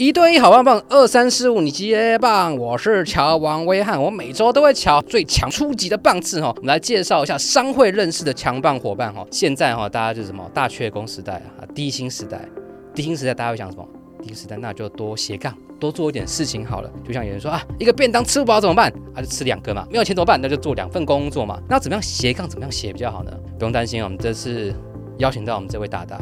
一對一好棒棒，二三四五你接棒，我是喬王威翰，我每周都會喬最強初級的棒次哈。我們來介紹一下商會認識的強棒夥伴哈。現在哈，大家就是什麼大缺工時代啊，低薪時代，低薪時代，時代大家會想什麼？低薪時代那就多斜槓，多做一點事情好了。就像有人說啊，一個便當吃不飽怎麼辦？啊，就吃兩個嘛。沒有錢怎麼辦？那就做兩份工作嘛。那怎麼樣斜槓，怎麼樣斜比較好呢？不用擔心，我們這次邀請到我們這位大大，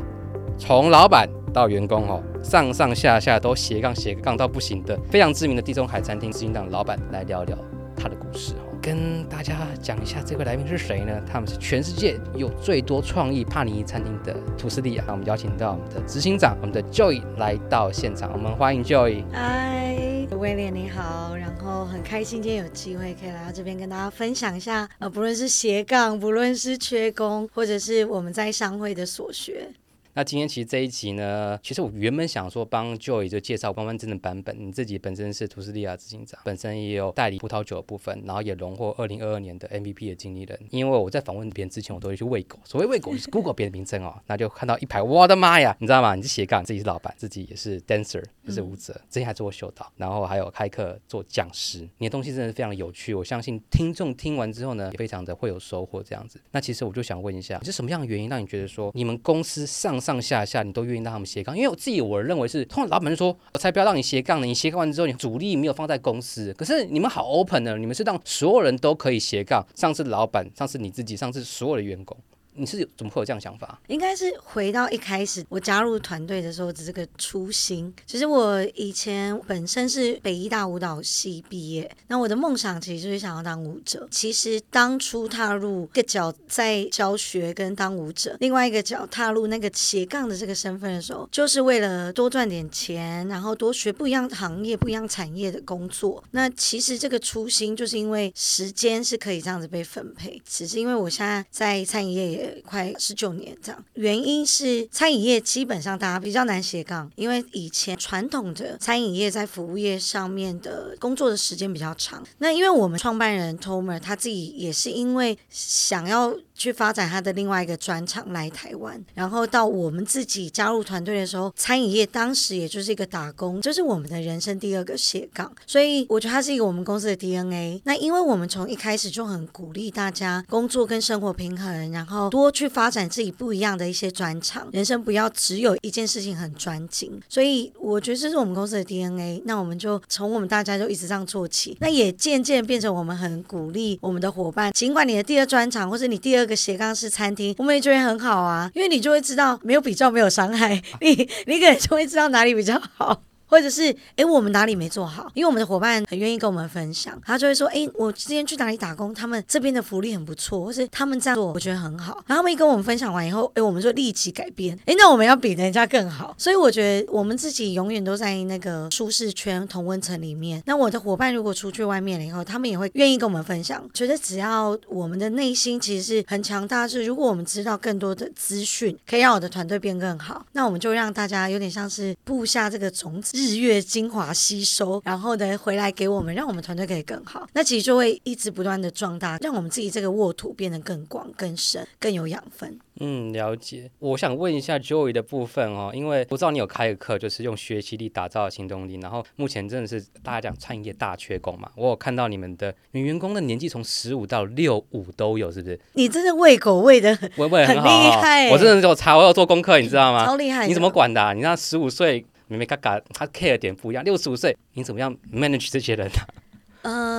從老板，到員工哦，上上下下都斜槓斜槓到不行的，非常知名的地中海餐廳執行長的老闆來聊一聊他的故事哦，跟大家講一下這位來賓是誰呢？他們是全世界有最多創意帕尼尼餐廳的吐司利亞，我們邀請到我們的執行長，我們的 Joey 來到現場，我們歡迎 Joey。嗨，威廉你好，然後很開心今天有機會可以來到這邊跟大家分享一下，呃，不論是斜槓，不論是缺工，或者是我們在商會的所學。那今天其實這一集呢，其實我原本想說幫 Joey 就介紹官方真的版本。你自己本身是吐司利亞執行長，本身也有代理葡萄酒的部分，然後也榮獲二零二二年的 MVP 的經理人。因為我在訪問別人之前，我都會去餵狗，所謂餵狗，就是 Google 別人的名稱哦， 那就看到一排，我的媽呀，你知道嗎？你是斜槓，自己是老板，自己也是 Dancer，也是舞者、嗯，之前還做過秀導，然後還有開課做講師。你的東西真的是非常有趣，我相信聽眾聽完之後呢，也非常的會有收穫。這樣子，那其實我就想問一下，是什麼樣的原因讓你覺得說你們公司上？上下下你都願意讓他們斜槓，因為我自己我認為是，通常老板就說我才不要讓你斜槓呢，你斜槓完之後你主力沒有放在公司，可是你們好 open 呢，你們是讓所有人都可以斜槓，上次老板，上次你自己，上次所有的員工。你是有，怎麼會有這樣想法？應該是回到一開始我加入團隊的時候的這個初心。其實我以前本身是北藝大舞蹈系畢業，那我的夢想其實就是想要當舞者。其實當初踏入一個腳在教學跟當舞者，另外一個腳踏入那個斜槓的這個身份的時候，就是為了多賺點錢，然後多學不一樣行業、不一樣產業的工作。那其實這個初心就是因為時間是可以這樣子被分配，只是因為我現在在餐飲業也快十九年這樣，原因是餐飲業基本上大家比較難斜槓，因為以前傳統的餐飲業在服務業上面的工作的時間比較長。那因為我們創辦人 Tomer，他自己也是因為想要。去發展他的另外一個專長來台灣，然後到我們自己加入團隊的時候，餐飲業當時也就是一個打工，這、就是我們的人生第二個斜槓。所以我覺得他是一個我們公司的 DNA。那因為我們從一開始就很鼓勵大家工作跟生活平衡，然後多去發展自己不一樣的一些專長，人生不要只有一件事情很專精。所以我覺得這是我們公司的 DNA。那我們就從我們大家就一直這樣做起，那也漸漸變成我們很鼓勵我們的夥伴，儘管你的第二專長，或是你第二。這個斜槓式餐廳，我們也覺得很好啊，因為你就會知道沒有比較沒有傷害，你你可能就會知道哪裡比較好。或者是誒，我們哪裡沒做好？因為我們的夥伴很願意跟我們分享，他就會說：誒，我之前去哪裡打工，他們這邊的福利很不錯，或是他們這樣做，我覺得很好。然後他們一跟我們分享完以後，誒，我們就立即改變。誒，那我們要比人家更好。所以我覺得我們自己永遠都在那個舒適圈同溫層裡面。那我的夥伴如果出去外面了以後，他們也會願意跟我們分享。覺得只要我們的內心其實是很強大，是如果我們知道更多的資訊，可以讓我的團隊變更好，那我們就讓大家有點像是播下這個種子。日月精華吸收，然後呢，回來給我們，讓我們團隊可以更好。那其實就會一直不斷的壯大，讓我們自己這個沃土變得更廣、更深、更有養分。嗯，了解。我想問一下 Joey 的部分哦，因為我知道你有開個課，就是用學習力打造的行動力。然後目前真的是大家講創業大缺工嘛，我有看到你們的女員工的年紀從十五到六五都有，是不是？你真的餵狗餵得很餵狗餵的喂喂很厲害，我真的有查，我有做功課，你知道嗎？超厲害！你怎麼管的啊？你那十五歲？明明嘎嘎，他 care 點不一樣。六十五歲，你怎麼樣 manage 這些人呢、啊？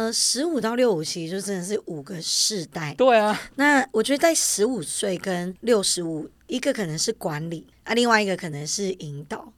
呃，十五到六五其實就真的是五個世代。對啊。那我覺得在十五歲跟六十五，一個可能是管理，啊，另外一個可能是引導。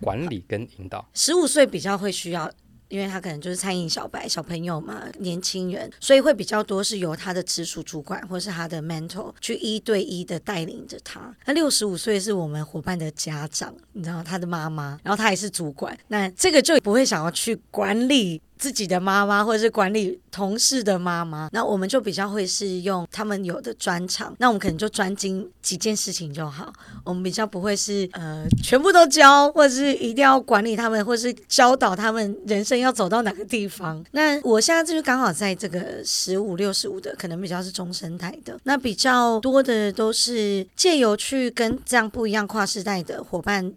管理跟引導。十五歲比較會需要。因為他可能就是餐飲小白小朋友嘛，年輕人，所以會比較多是由他的直屬主管或是他的 mentor 去一對一的帶領着他。他六十五歲是我們夥伴的家長，你知道他的媽媽，然後他也是主管，那這個就不會想要去管理，自己的媽媽或者是管理同事的媽媽，那我們就比較會是用他們有的專長，那我們可能就專精幾件事情就好。我們比較不會是呃全部都教，或者是一定要管理他們，或者是教導他們人生要走到哪個地方。那我現在就是剛好在這個十五六十五的，可能比較是中生代的，那比較多的都是借由去跟這樣不一樣跨世代的夥伴。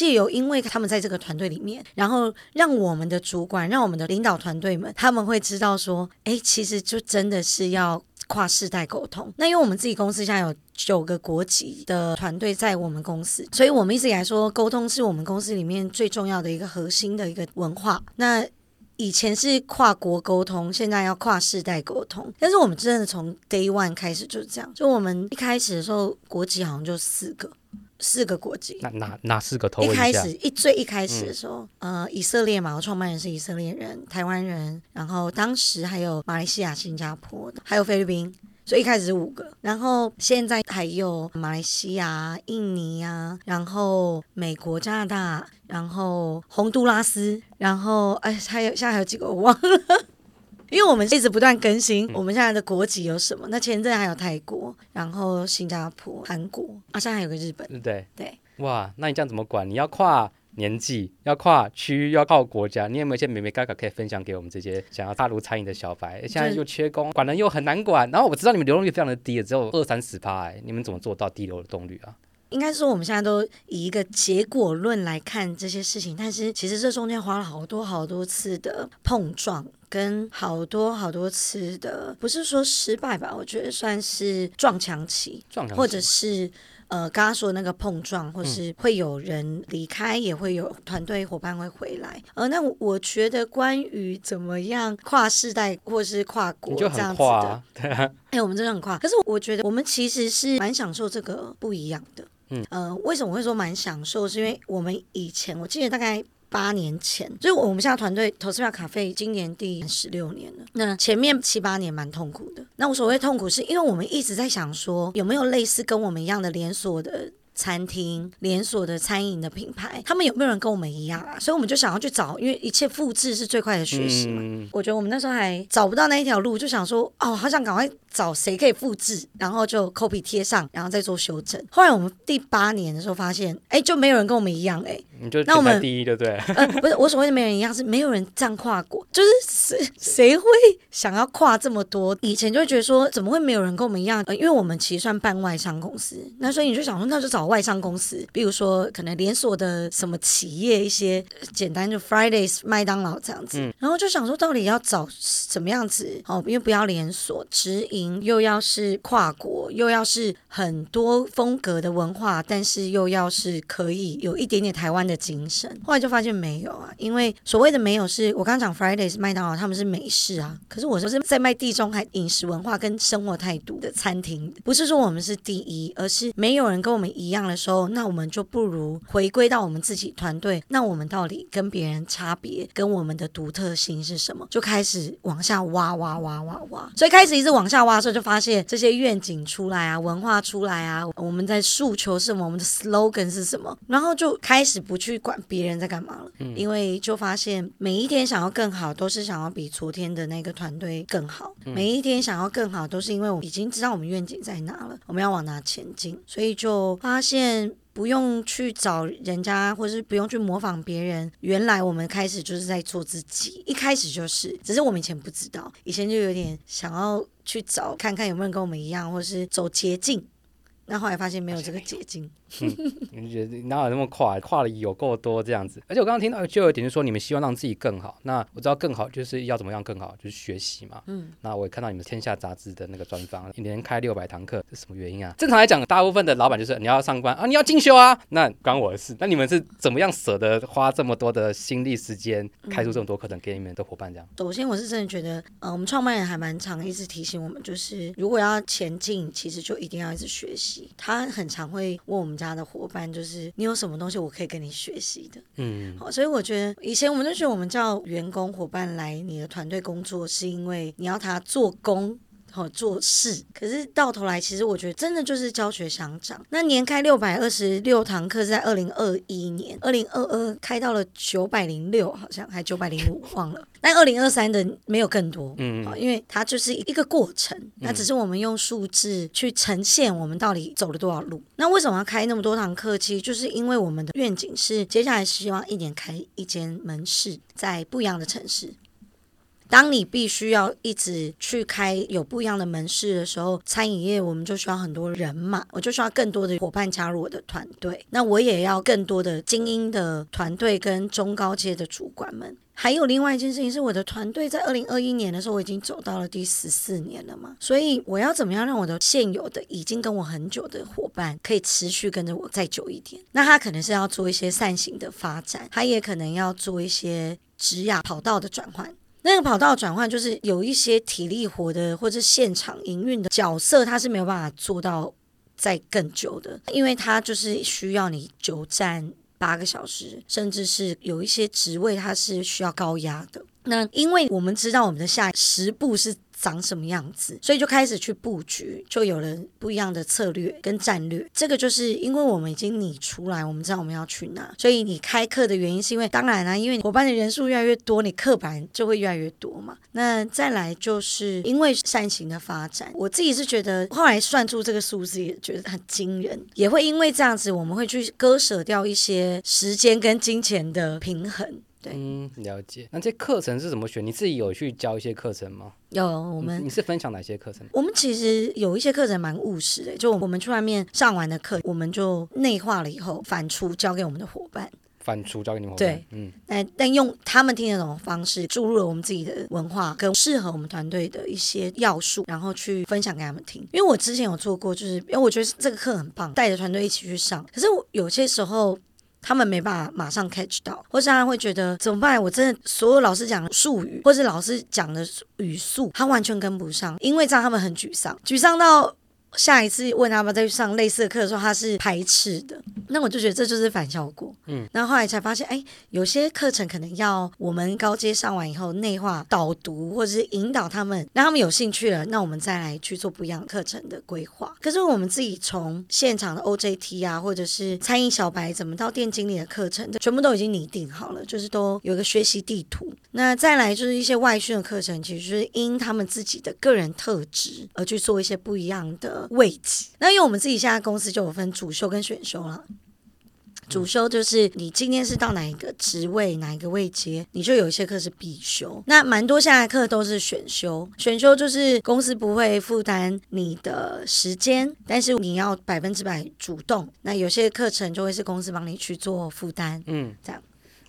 借由，因為他們在這個團隊裡面，然後讓我們的主管、讓我們的領導團隊們，他們會知道說，哎，其實就真的是要跨世代溝通。那因為我們自己公司現在有九個國籍的團隊在我們公司，所以我們一直以來說，溝通是我們公司裡面最重要的一個核心的一個文化。那以前是跨國溝通，現在要跨世代溝通。但是我們真的從 day one 開始就是這樣。就我們一開始的時候，國籍好像就四個。四個國籍，哪哪哪四個？頭一開始一最一開始的時候、嗯，呃，以色列嘛，我創辦人是以色列人，台灣人，然後當時還有馬來西亞、新加坡的，還有菲律賓，所以一開始是五個。然後現在還有馬來西亞、印尼啊，然後美國、加拿大，然後洪都拉斯，然後哎，還有現在還有幾個我忘了。因為我們一直不斷更新，我們現在的國籍有什麼？嗯、那前陣還有泰國，然後新加坡、韓國，啊，現在還有個日本。對對，哇，那你這樣怎麼管？你要跨年紀，要跨區域，要跨國家。你有沒有一些眉眉角角可以分享給我們這些想要踏入餐飲的小白、 就是？現在又缺工，管人又很難管。然後我知道你們流動率非常的低，只有二三十趴，你們怎麼做到低流的動率啊？應該說我們現在都以一個結果論來看這些事情，但是其實這中間花了好多好多次的碰撞，跟好多好多次的不是說失敗吧，我覺得算是撞牆期，或者是呃剛剛說的那個碰撞，或者是會有人離開，嗯，也會有團隊夥伴會回來。呃，那我覺得關於怎麼樣跨世代或是跨國這樣子的。你就很跨啊，對啊。哎，我們真的很跨，可是我覺得我們其實是蠻享受這個不一樣的。嗯，呃，為什麼我會說蠻享受？是因為我們以前，我記得大概八年前，所以我們現在團隊吐司利亞咖啡今年第十六年了。那前面七八年蠻痛苦的。那我所謂的痛苦，是因為我們一直在想說，有沒有類似跟我們一樣的連鎖的。餐廳連鎖的餐飲的品牌，他們有沒有人跟我們一樣啊？所以我們就想要去找，因為一切複製是最快的學習嘛、嗯。我覺得我們那時候還找不到那一條路，就想說，哦，好想趕快找誰可以複製，然後就 copy 貼上，然後再做修正。後來我們第八年的時候發現，哎、欸，就沒有人跟我們一樣哎、欸。你就那我們第一對不對？呃，不是，我所謂的沒人一樣是沒有人這樣跨過， 就是誰誰會想要跨這麼多？以前就會覺得說，怎麼會沒有人跟我們一樣？呃，因為我們其實算半外商公司，那所以你就想說，那就找。外商公司，比如說可能連鎖的什麼企業，一些簡單就 Fridays、麥當勞這樣子。嗯、然後就想說，到底要找什麼樣子哦？因為不要連鎖，直營又要是跨國，又要是很多風格的文化，但是又要是可以有一點點台灣的精神。後來就發現沒有啊，因為所謂的沒有是我剛講 Fridays、麥當勞他們是美式啊，可是我就是在賣地中海飲食文化跟生活態度的餐廳，不是說我們是第一，而是沒有人跟我們一。一樣的時候，那我們就不如回歸到我們自己團隊。那我們到底跟別人差別，跟我們的獨特性是什麼？就開始往下挖，挖，挖，挖挖。所以開始一直往下挖的時候，就發現這些願景出來啊，文化出來啊，我們在訴求是什麼，我們的 slogan 是什麼，然後就開始不去管別人在幹嘛了。嗯，因為就發現每一天想要更好，都是想要比昨天的那個團隊更好。嗯。每一天想要更好，都是因為我們已經知道我們願景在哪了，我們要往哪前進，所以就發。啊發現不用去找人家，或是不用去模仿別人。原來我們開始就是在做自己，一開始就是，只是我們以前不知道，以前就有點想要去找看看有沒有跟我們一樣，或是走捷徑。然後後來發現沒有這個捷徑 嗯你覺得哪有那麼跨？跨了有夠多這樣子。而且我剛剛聽到就有點，就說你們希望讓自己更好。那我知道更好就是要怎麼樣更好，就是學習嘛。嗯。那我也看到你們天下雜誌的那個專訪，一年開六百堂課是什麼原因啊？正常來講，大部分的老板就是你要上班啊，你要進修啊，那關我的事。那你們是怎麼樣舍得花這麼多的心力時間，開出這麼多課程給你們的伙伴？這樣。嗯、首先，我是真的覺得，嗯、呃，我們創辦人還蠻常一直提醒我們，就是如果要前進，其實就一定要一直學習。他很常會問我們家的伙伴，就是你有什麼東西我可以跟你學習的。嗯，好，所以我覺得以前我們就覺得我們叫員工伙伴來你的團隊工作，是因為你要他做工。好做事，可是到頭來，其實我覺得真的就是教學相長。那年開六百二十六堂課是在二零二一年，二零二二開到了九百零六，好像還九百零五，忘了。但二零二三的沒有更多，嗯、嗯，因為它就是一個過程。那只是我們用數字去呈現我們到底走了多少路。那為什麼要開那麼多堂課？其實就是因為我們的願景是，接下來希望一年開一間門市，在不一樣的城市。當你必須要一直去開有不一樣的門市的時候，餐飲業我們就需要很多人嘛，我就需要更多的夥伴加入我的團隊。那我也要更多的精英的團隊跟中高階的主管們。還有另外一件事情是，我的團隊在二零二一年的時候，我已經走到了第十四年了嘛，所以我要怎麼樣讓我的現有的已經跟我很久的夥伴可以持續跟着我再久一點？那他可能是要做一些扇形的發展，他也可能要做一些職涯跑道的轉換。那個跑道轉換就是有一些體力活的，或者是現場營運的角色，它是沒有辦法做到再更久的，因為它就是需要你久站八個小時，甚至是有一些職位它是需要高壓的。那因為我們知道我們的下十步是。長什麼樣子，所以就開始去布局，就有了不一樣的策略跟戰略。這個就是因為我們已經擬出來，我們知道我們要去哪，所以你開課的原因是因為，當然啦、啊，因為夥伴的人數越來越多，你課板就會越來越多嘛。那再來就是因為善行的發展，我自己是覺得後來算出這個數字也覺得很驚人，也會因為這樣子，我們會去割捨掉一些時間跟金錢的平衡。嗯，了解。那這課程是怎麼學？你自己有去教一些課程嗎？有，我們、嗯、你是分享哪些課程？我們其實有一些課程蠻務實的，就我們去外面上完的課，我們就內化了以後，反芻教給我們的伙伴。反芻教給你們伙伴。對，嗯。那但用他們聽得懂的這種方式，注入了我們自己的文化跟適合我們團隊的一些要素，然後去分享給他們聽。因為我之前有做過，就是因為我覺得這個課很棒，帶着團隊一起去上。可是我有些時候。他們沒辦法馬上 catch 到，或是他會覺得怎麼辦？我真的所有老師講的術語，或是老師講的語速，他完全跟不上，因為這樣他們很沮喪，沮喪到，下一次問他們再去上類似的課的時候，他是排斥的。那我就覺得這就是反效果。嗯，那後來才發現，哎，有些課程可能要我們高階上完以後內化導讀，或者是引導他們，讓他們有興趣了，那我們再來去做不一樣的課程的規劃。可是我們自己從現場的 OJT 啊，或者是餐飲小白怎麼到店經理的課程，全部都已經擬定好了，就是都有一個學習地圖。那再來就是一些外訓的課程，其實就是因他們自己的個人特質而去做一些不一樣的。位置，那因為我們自己現在公司就有分主修跟選修了。主修就是你今天是到哪一個職位、哪一個位階，你就有一些課是必修。那蠻多下課都是選修，選修就是公司不會負擔你的時間，但是你要百分之百主動。那有些課程就會是公司幫你去做負擔，嗯，這樣。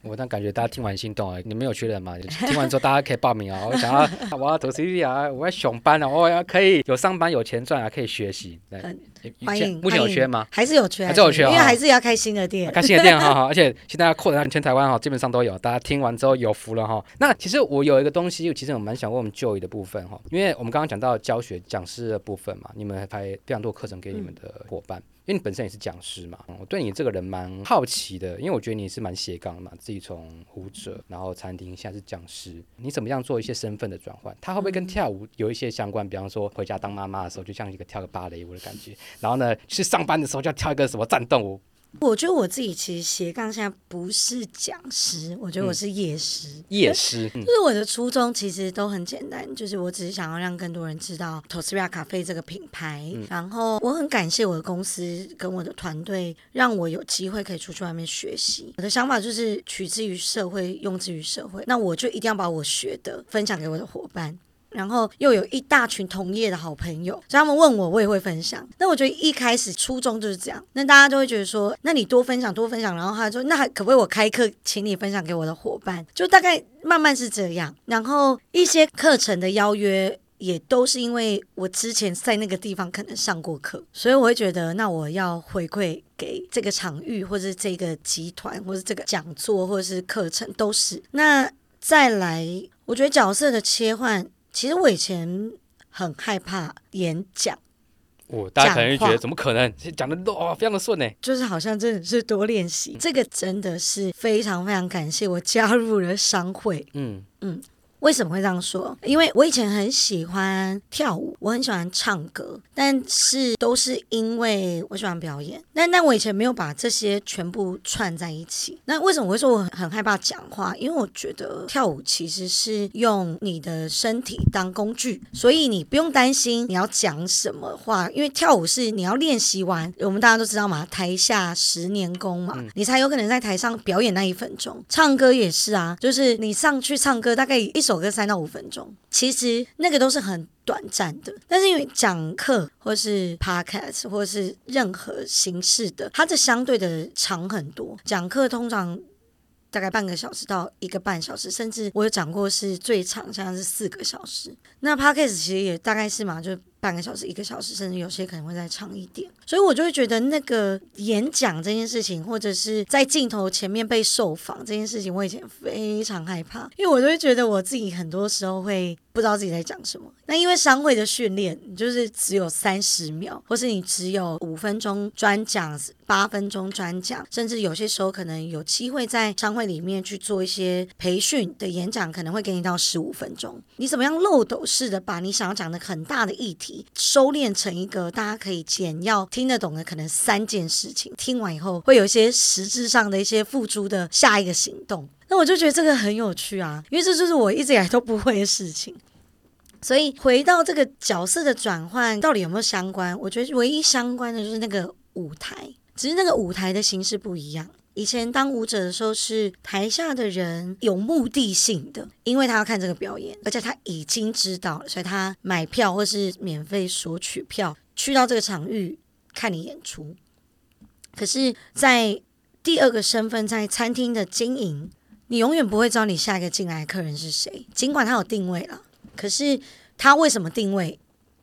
我但感覺大家聽完心動、嗯、你們有缺人嗎？聽完之後大家可以報名啊、哦！我、 哦、想要、啊，我要投 CV 啊，我要熊班哦，我、哦、要、啊、可以有上班有錢賺啊，可以學習、嗯。歡迎，目前有缺嗎？還是有缺、啊，還是有缺、啊、因為還是要開新的店、啊啊，開新的店哈、 哦，而且現在要擴人、啊，全台灣哈、哦、基本上都有。大家聽完之後有福了哈、哦。那其實我有一個東西，其實我蠻想問我們 Joey 的部分哈、哦，因為我們剛剛講到教學講師的部分嘛，你們還排非常多課程給你們的夥伴。嗯因為你本身也是講師嘛，我對你這個人蠻好奇的，因為我覺得你是蠻斜槓的嘛，自己從舞者，然後餐廳，現在是講師，你怎麼樣做一些身份的轉換？他會不會跟跳舞有一些相關？比方說回家當媽媽的時候，就像一個跳個芭蕾舞的感覺，然後呢去上班的時候就要跳一個什麼戰鬥舞？我覺得我自己其實斜槓現在不是講師，我覺得我是業師。業、嗯、師、嗯、就是我的初衷，其實都很簡單，就是我只是想要讓更多人知道 TOASTERiA Cafe 這個品牌，嗯。然後我很感謝我的公司跟我的團隊，讓我有機會可以出去外面學習。我的想法就是取之於社會，用之於社會，那我就一定要把我學的分享給我的伙伴。然後又有一大群同業的好朋友，所以他們問我，我也會分享。那我覺得一開始初衷就是這樣。那大家就會覺得說，那你多分享，多分享。然後他就說，那還可不可以我開課，請你分享給我的伙伴？就大概慢慢是這樣。然後一些課程的邀約也都是因為我之前在那個地方可能上過課，所以我會覺得，那我要回饋給這個場域，或是這個集團，或是這個講座，或是課程，都是。那再來，我覺得角色的切換。其實我以前很害怕演講，我大家可能會覺得怎麼可能？講的都啊非常的順呢，就是好像真的是多練習，這個真的是非常非常感謝我加入了商會，嗯嗯。為什麼會這樣說？因為我以前很喜歡跳舞，我很喜歡唱歌，但是都是因為我喜歡表演。但那我以前沒有把這些全部串在一起。那為什麼我會說我很害怕講話？因為我覺得跳舞其實是用你的身體當工具，所以你不用擔心你要講什麼話，因為跳舞是你要練習完，我們大家都知道嘛，台下十年功嘛，嗯，你才有可能在台上表演那一分鐘。唱歌也是啊，就是你上去唱歌，大概一首。走個三到五分鐘，其實那個都是很短暫的。但是因為講課或是 podcast 或是任何形式的，它的相對的長很多。講課通常大概半個小時到一個半小時，甚至我有講過是最長，像是四個小時。那 podcast 其實也大概是嘛，就。半個小時、一個小時，甚至有些可能會再長一點，所以我就會覺得那個演講這件事情，或者是在鏡頭前面被受訪這件事情，我以前非常害怕，因為我就會覺得我自己很多時候會不知道自己在講什麼。那因為商會的訓練，你就是只有三十秒，或是你只有五分鐘專講、八分鐘專講，甚至有些時候可能有機會在商會裡面去做一些培訓的演講，可能會給你到十五分鐘。你怎麼樣漏斗式的把你想要講的很大的議題收斂成一個大家可以簡要聽得懂的可能三件事情，聽完以後會有一些實質上的一些付諸的下一個行動。那我就覺得這個很有趣啊，因為這就是我一直以來都不會的事情。所以回到這個角色的轉換，到底有沒有相關？我覺得唯一相關的就是那個舞台，只是那個舞台的形式不一樣。以前當舞者的時候，是台下的人有目的性的，因為他要看這個表演，而且他已經知道了，所以他買票或是免費索取票，去到這個場域看你演出。可是，在第二個身份，在餐廳的經營，你永遠不會知道你下一個進來的客人是誰。儘管他有訂位了，可是他為什麼訂位？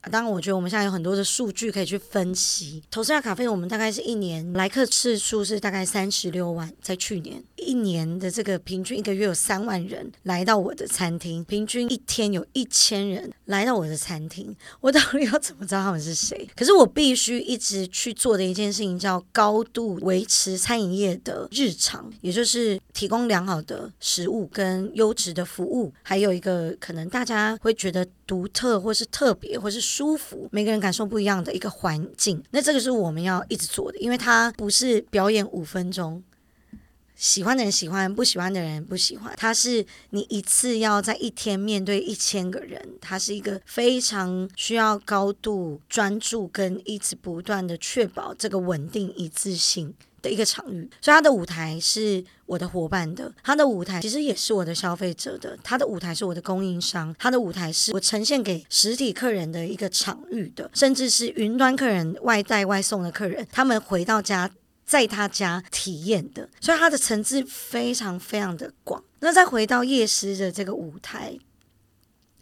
當然，我覺得我們現在有很多的數據可以去分析。吐司利亞咖啡，我們大概是一年來客次數是大概三十六萬，在去年一年的這個平均一個月有三萬人來到我的餐廳，平均一天有一千人來到我的餐廳。我到底要怎麼知道他們是誰？可是我必須一直去做的一件事情叫高度維持餐飲業的日常，也就是提供良好的食物跟優質的服務，還有一個可能大家會覺得獨特或是特別或是。舒服，每個人感受不一樣的一個環境，那這個是我們要一直做的，因為它不是表演五分鐘，喜歡的人喜歡，不喜歡的人不喜歡，它是你一次要在一天面對一千個人，它是一個非常需要高度專注跟一直不斷的確保這個穩定一致性。的一個場域，所以它的舞台是我的夥伴的，它的舞台其實也是我的消費者的，它的舞台是我的供應商，它的舞台是我呈現給實體客人的一個場域的，甚至是雲端客人外帶外送的客人，他們回到家在他家體驗的，所以它的層次非常非常的廣。那再回到夜市的這個舞台。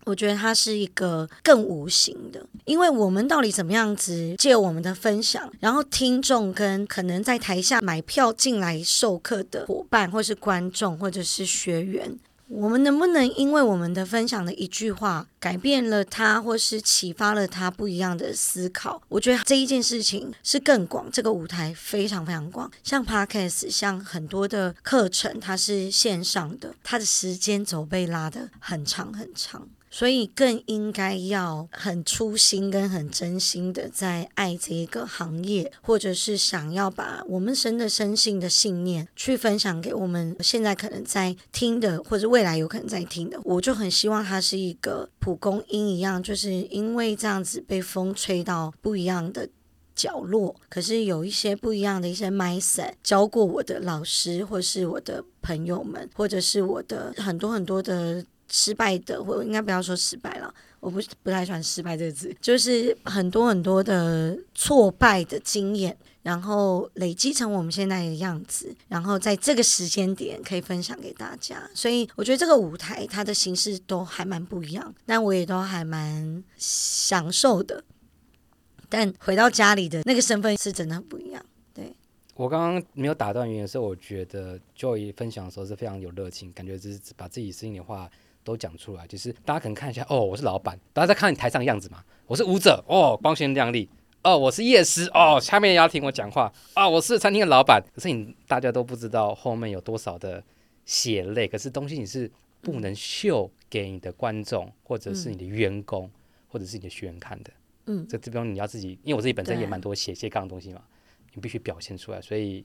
我覺得它是一個更無形的，因為我們到底怎麼樣子借我們的分享，然後聽眾跟可能在台下買票進來授課的伙伴，或是觀眾，或者是學員，我們能不能因為我們的分享的一句話，改變了他，或是啟發了他不一樣的思考。我覺得這一件事情是更廣，這個舞台非常非常廣。像 Podcast，像很多的課程，它是線上的，它的時間軸被拉得很長很長，所以更應該要很初心跟很真心的在愛這一個行業，或者是想要把我們深的深信的信念去分享給我們現在可能在聽的，或者未來有可能在聽的。我就很希望它是一個普。蒲公英一樣，就是因為這樣子被風吹到不一樣的角落。可是有一些不一樣的一些 mindset，教過我的老師，或是我的朋友們，或者是我的很多很多的失敗的，我應該不要說失敗了，我不不太喜歡失敗這個字，就是很多很多的挫敗的經驗。然後累積成我們現在的樣子，然後在這個時間點可以分享給大家，所以我覺得這個舞台它的形式都還蠻不一樣，但我也都還蠻享受的。但回到家裡的那個身份是真的很不一樣。對我剛剛沒有打斷原因，所以我覺得 Joey 分享的時候是非常有熱情，感覺就是把自己心裡話都講出來，就是大家可能看一下哦，我是老板，大家再看你台上的樣子嘛，我是舞者哦，光鮮亮麗。哦，我是業師。哦，下面也要聽我講話啊，哦！我是餐廳的老闆，可是你大家都不知道後面有多少的血淚，可是東西你是不能秀給你的觀眾，或者是你的員工，嗯，或者是你的學員看的。嗯，這這邊你要自己，因為我自己本身也蠻多寫斜槓的東西嘛，你必須表現出來。所以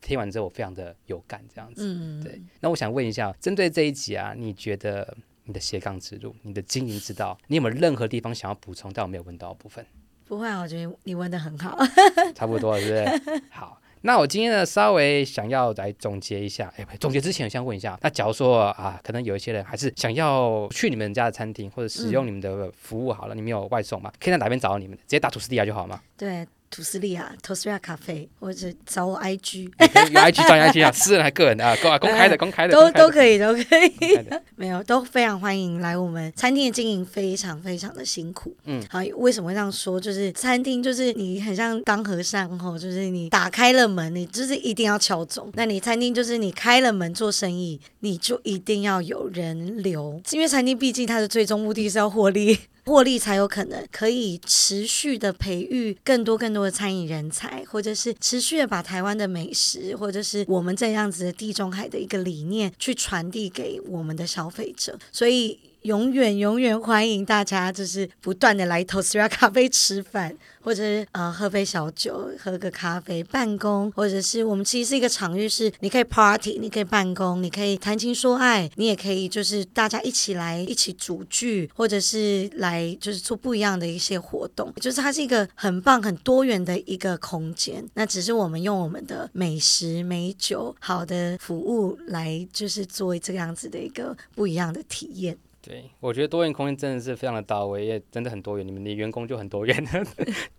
聽完之後，我非常的有感這樣子。嗯，對。那我想問一下，針對這一集啊，你覺得你的斜槓之路，你的經營之道，你有沒有任何地方想要補充？但我沒有問到的部分。不會，我覺得你問的很好， 差不多了，是不是？好，那我今天呢，稍微想要來總結一下。哎，不，總結之前我先問一下，那假如說啊，可能有一些人還是想要去你們家的餐廳或者使用你們的服務，好了、嗯，你們有外送嗎？可以在哪邊找到你們？直接打吐司利亞就好嘛？對。吐司利亞，吐司利亞咖啡，或者找我 IG，有 IG 找 IG 啊， 私人還個人的啊，公開的、嗯、公開的、嗯、公開的都都可以都可以，可以沒有都非常歡迎。來我們餐廳的經營非常非常的辛苦，嗯，好、啊、為什麼會這樣說？就是餐廳就是你很像當和尚吼，哦，就是你打開了門，你就是一定要敲鐘，那你餐廳就是你開了門做生意，你就一定要有人流，因為餐廳畢竟它的最終目的是要獲利。獲利才有可能可以持續的培育更多更多的餐飲人才，或者是持續的把台灣的美食，或者是我們這樣子的地中海的一個理念，去傳遞給我們的消費者。所以。永遠永遠歡迎大家，就是不斷的來吐司利亞咖啡吃飯，或者是呃喝杯小酒，喝個咖啡辦公，或者是我們其實是一個場域，是你可以 party，你可以辦公，你可以談情說愛，你也可以就是大家一起來一起組聚，或者是來就是做不一樣的一些活動，就是它是一個很棒很多元的一個空間。那只是我們用我們的美食美酒好的服務來就是做這個樣子的一個不一樣的體驗。對，我覺得多元空間真的是非常的到位，也真的很多元。你們的員工就很多元，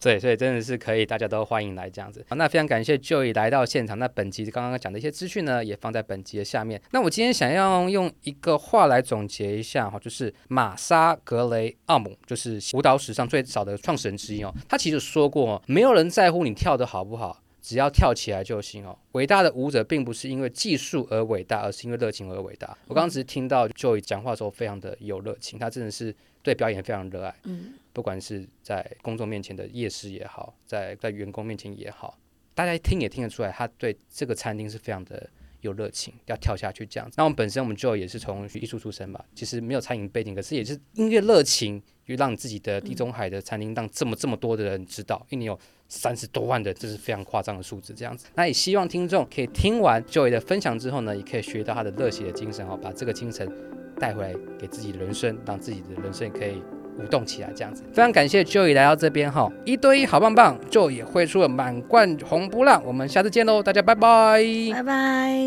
對，所以真的是可以，大家都歡迎來這樣子。好，那非常感謝 Joey 來到現場。那本集剛剛講的一些資訊呢，也放在本集的下面。那我今天想要用一個話來總結一下哈，就是瑪莎格雷奧姆，就是舞蹈史上最早的創始人之一哦。他其實說過，沒有人在乎你跳得好不好。只要跳起來就行哦！偉大的舞者並不是因為技術而偉大，而是因為熱情而偉大。嗯、我剛剛只是聽到 Joey 講話的時候非常的有熱情，他真的是對表演非常熱愛，嗯。不管是在工作面前的業師也好，在在員工面前也好，大家聽也聽得出來，他對這個餐廳是非常的有熱情要跳下去這樣子。那我們本身我們 Joey 也是從藝術出身吧？其實沒有餐飲背景，可是也是音樂熱情，就讓自己的地中海的餐廳讓這麼這麼多的人知道，一年有三十多萬的，這是非常誇張的數字這樣子。那也希望聽眾可以聽完 Joey 的分享之後呢，也可以學到他的熱血的精神哦，把這個精神帶回來給自己的人生，讓自己的人生可以舞動起來這樣子。非常感謝 Joey 來到這邊哈，一對一好棒棒，Joey 揮出了滿貫紅波浪，我們下次見嘍，大家拜拜，拜拜。